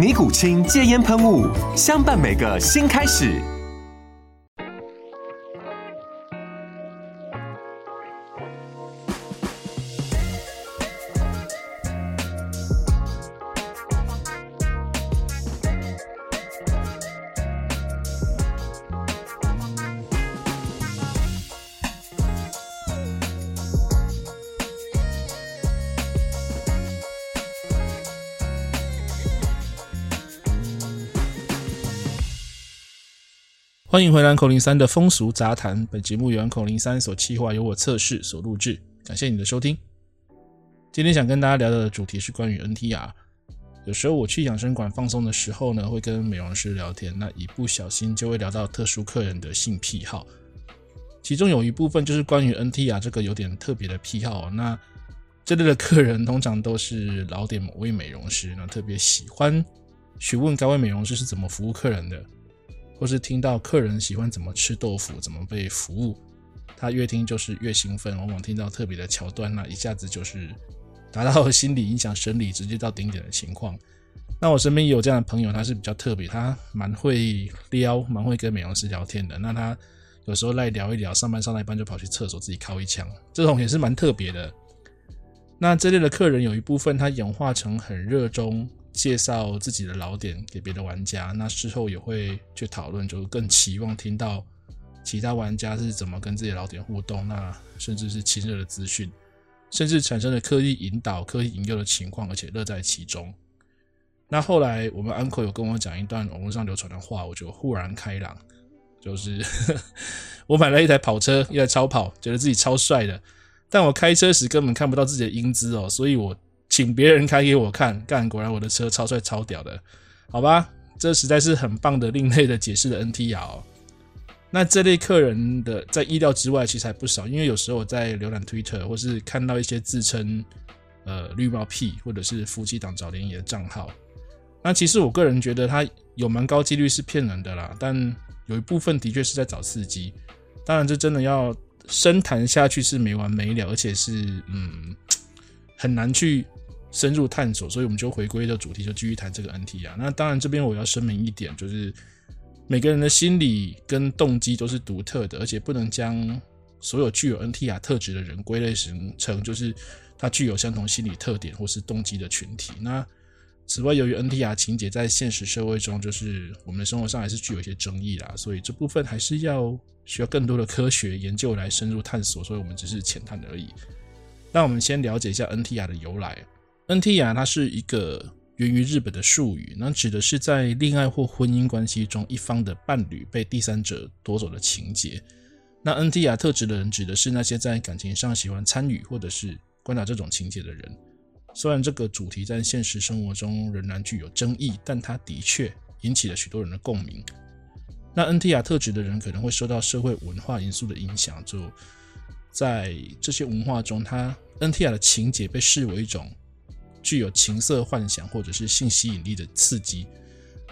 尼古清戒煙噴霧，相伴每個新開始。歡迎回來，Uncle03 的風俗雜談。本節目由 Uncle03 所企劃，由我測試所錄制。感謝你的收聽。今天想跟大家聊聊的主題是關於 NTR。有時候我去養生館放鬆的時候呢，會跟美容師聊天。那一不小心就會聊到特殊客人的性癖好，其中有一部分就是關於 NTR 這個有點特別的癖好。那這類的客人通常都是老點某位美容師，那特別喜歡詢問該位美容師是怎麼服務客人的。或是聽到客人喜歡怎麼吃豆腐，怎麼被服務，他越聽就是越興奮。往往聽到特別的橋段，那一下子就是達到心理影響生理，直接到頂點的情況。那我身邊也有這樣的朋友，他是比較特別，他蠻會撩，蠻會跟美容師聊天的。那他有時候來聊一聊，上班上到一半就跑去廁所自己尻一槍，這種也是蠻特別的。那這類的客人有一部分，他演化成很熱衷。介紹自己的老點給別的玩家，那事後也會去討論，就是、更期望聽到其他玩家是怎麼跟自己的老點互動，那甚至是親熱的資訊，甚至產生了刻意引導、刻意引誘的情況，而且樂在其中。那後來我們 Uncle 有跟我講一段網絡上流傳的話，我就豁然開朗，就是 我買了一台跑車，一台超跑，覺得自己超帥的，但我開車時根本看不到自己的英姿哦，所以我。請別人開給我看，幹果然我的車超帥超屌的，好吧？這實在是很棒的另類的解釋的 NTR 哦。那這類客人的在意料之外，其實還不少。因為有時候我在瀏覽 Twitter 或是看到一些自稱呃綠帽癖，或者是夫妻檔找聯誼的賬號，那其實我個人覺得他有蠻高幾率是騙人的啦。但有一部分的確是在找刺激。當然，這真的要深談下去是沒完沒了，而且是嗯很難去深入探索，所以我們就回歸的主題，就繼續談這個 NTR。那當然，這邊我要聲明一點，就是每個人的心理跟動機都是獨特的，而且不能將所有具有 NTR 特質的人歸類形成，就是他具有相同心理特點或是動機的群體。那此外，由於 NTR 情節在現實社會中，就是我們的生活上還是具有一些爭議啦，所以這部分還是要需要更多的科學研究來深入探索。所以我們只是淺談而已。那我們先了解一下 NTR 的由來。NTR，它是一個源於日本的術語，那指的是在戀愛或婚姻關係中一方的伴侶被第三者奪走的情節。那 NTR 特質的人指的是那些在感情上喜歡參與或者是觀察這種情節的人。雖然這個主題在現實生活中仍然具有爭議，但它的確引起了許多人的共鳴。那 NTR 特質的人可能會受到社會文化因素的影響，就在這些文化中，他 NTR 的情節被視為一種。具有情色幻想或者是性吸引力的刺激，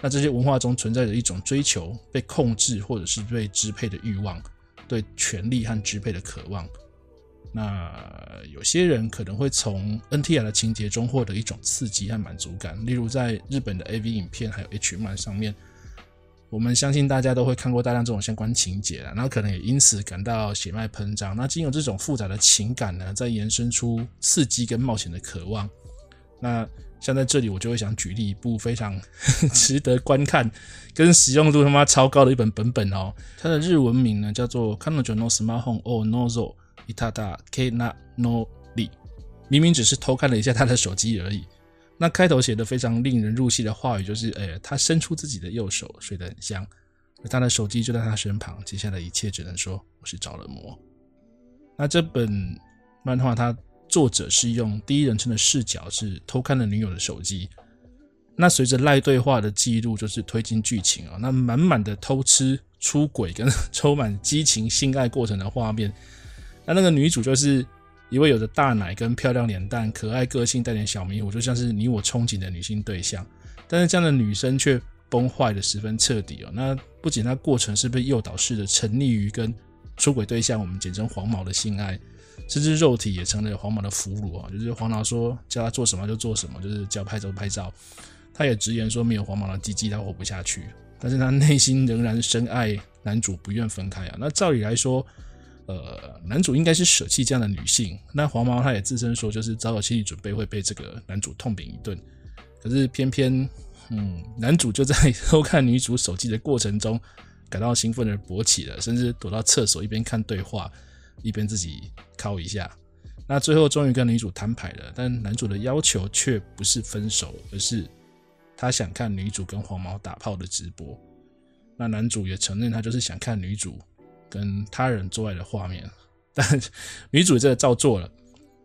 那這些文化中存在着一種追求被控制或者是被支配的慾望，對權力和支配的渴望。那有些人可能會從 NTR 的情節中獲得一種刺激和滿足感，例如在日本的 AV 影片還有 H 漫上面，我們相信大家都會看過大量這種相關情節了，那可能也因此感到血脈噴張。那經由這種複雜的情感呢，再延伸出刺激跟冒險的渴望。那像在這裡，我就會想舉例一部非常 值得觀看、跟實用度他媽超高的一本本本哦。它的日文名呢叫做《Kanojo no Smartphone o Nozoita Dake Nano ni》，明明只是偷看了一下他的手機而已。那開頭寫的非常令人入戲的話語就是：哎，他伸出自己的右手，睡得很香，而他的手機就在他身旁。接下來一切只能說我是着了魔。那這本漫畫它。作者是用第一人稱的視角，是偷看了女友的手機。那隨着賴對話的記錄，就是推進劇情啊、哦。那滿滿的偷吃、出軌跟充滿激情性愛過程的畫面。那那個女主就是一位有着大奶跟漂亮臉蛋、可愛個性、帶點小迷糊，就像是你我憧憬的女性對象。但是這樣的女生卻崩壞的十分徹底哦。那不僅那過程是被誘導式的沉溺於跟出軌對象，我們簡稱黃毛的性愛，甚至肉體也成了黃毛的俘虜啊！就是黃毛說叫他做什麼就做什麼，就是叫拍照拍照。他也直言說沒有黃毛的雞雞他活不下去，但是他內心仍然深愛男主，不願分開啊！那照理來說，呃，男主應該是捨棄這樣的女性。那黃毛他也自稱說就是早有心理準備會被這個男主痛扁一頓，可是偏偏嗯，男主就在偷看女主手機的過程中感到興奮而勃起了，甚至躲到廁所一邊看對話。一邊自己靠一下，那最後終於跟女主攤牌了，但男主的要求卻不是分手，而是他想看女主跟黃毛打炮的直播。那男主也承認，他就是想看女主跟他人做愛的畫面。但女主這照做了，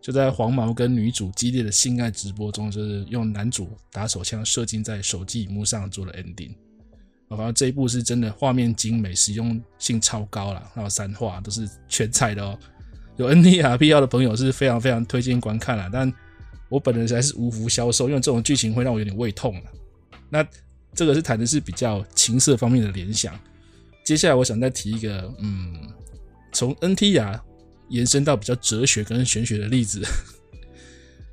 就在黃毛跟女主激烈的性愛直播中，就是用男主打手槍射精在手機熒幕上做了 ending。好像這一部是真的畫面精美，實用性超高了。還有三話都是全彩的哦，有 NTR 必要的朋友是非常非常推薦觀看了。但我本人還是無福消受，因為這種劇情會讓我有點胃痛啦。那這個是談的是比較情色方面的聯想。接下來我想再提一個，嗯，從 NTR 延伸到比較哲學跟玄學的例子。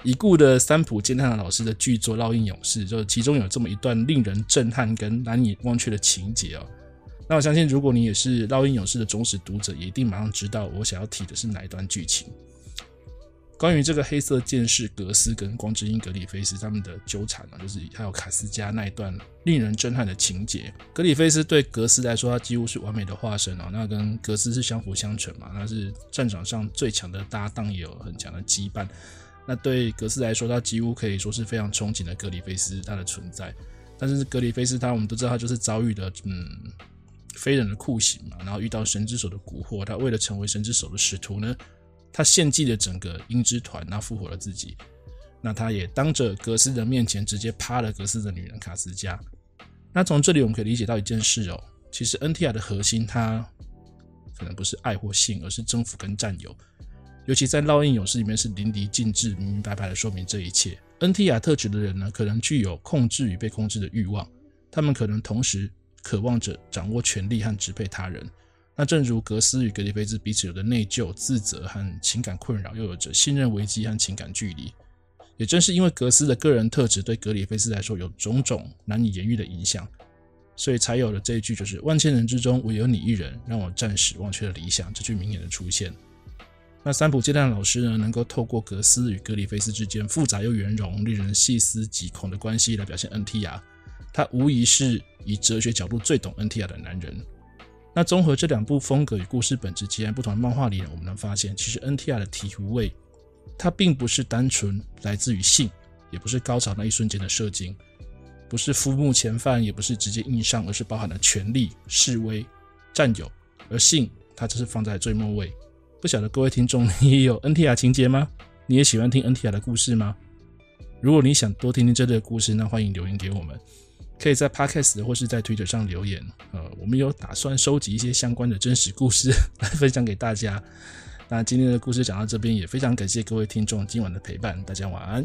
已故的三浦健太郎老師的巨作《烙印勇士》，就是其中有這麼一段令人震撼跟難以忘卻的情節哦。那我相信，如果你也是《烙印勇士》的忠實讀者，也一定馬上知道我想要提的是哪一段劇情。關於這個黑色劍士格斯跟光之鷹格里菲斯他們的糾纏呢，就是還有卡斯加那一段令人震撼的情節。格里菲斯對格斯來說，他幾乎是完美的化身哦，那跟格斯是相輔相成嘛，那是戰場上最強的搭檔，也有很強的羈絆。那對格斯來說，他幾乎可以說是非常憧憬的格里菲斯他的存在。但是格里菲斯他，我們都知道他就是遭遇了嗯非人的酷刑嘛，然後遇到神之手的蠱惑，他為了成為神之手的使徒呢，他獻祭了整個鷹之團，他復活了自己。那他也當着格斯的面前，直接啪了格斯的女人卡斯加。那從這裡我們可以理解到一件事哦，其實 NTR 的核心，他可能不是愛或性，而是征服跟佔有。尤其在《烙印勇士》裡面是淋漓盡致、明明白白的說明這一切。NTR 特質的人呢，可能具有控制與被控制的欲望，他們可能同時渴望着掌握權力和支配他人。那正如格斯與格里菲斯彼此有的內疚、自責和情感困擾，又有着信任危機和情感距離。也正是因為格斯的個人特質對格里菲斯來說有種種難以言喻的影響，所以才有了這一句，就是萬千人之中，唯有你一人讓我暫時忘卻了理想，這句名言的出現。那三浦健太郎老師呢，能夠透過格斯與格里菲斯之間複雜又圓融、令人細思極恐的關係來表現 NTR，他無疑是以哲學角度最懂 NTR 的男人。那綜合這兩部風格與故事本質截然不同的漫畫裡，我們能發現，其實 NTR 的醍醐味，它並不是單純來自於性，也不是高潮那一瞬間的射精，不是夫目前犯，也不是直接硬上，而是包含了權力、示威、佔有，而性，它只是放在最末位。不曉得各位聽眾，你也有 NTR 情結嗎？你也喜歡聽 NTR 的故事嗎？如果你想多聽聽這類的故事，那歡迎留言給我們，可以在 Podcast 或是在推特上留言。呃，我們有打算收集一些相關的真實故事來分享給大家。那今天的故事講到這邊，也非常感謝各位聽眾今晚的陪伴，大家晚安。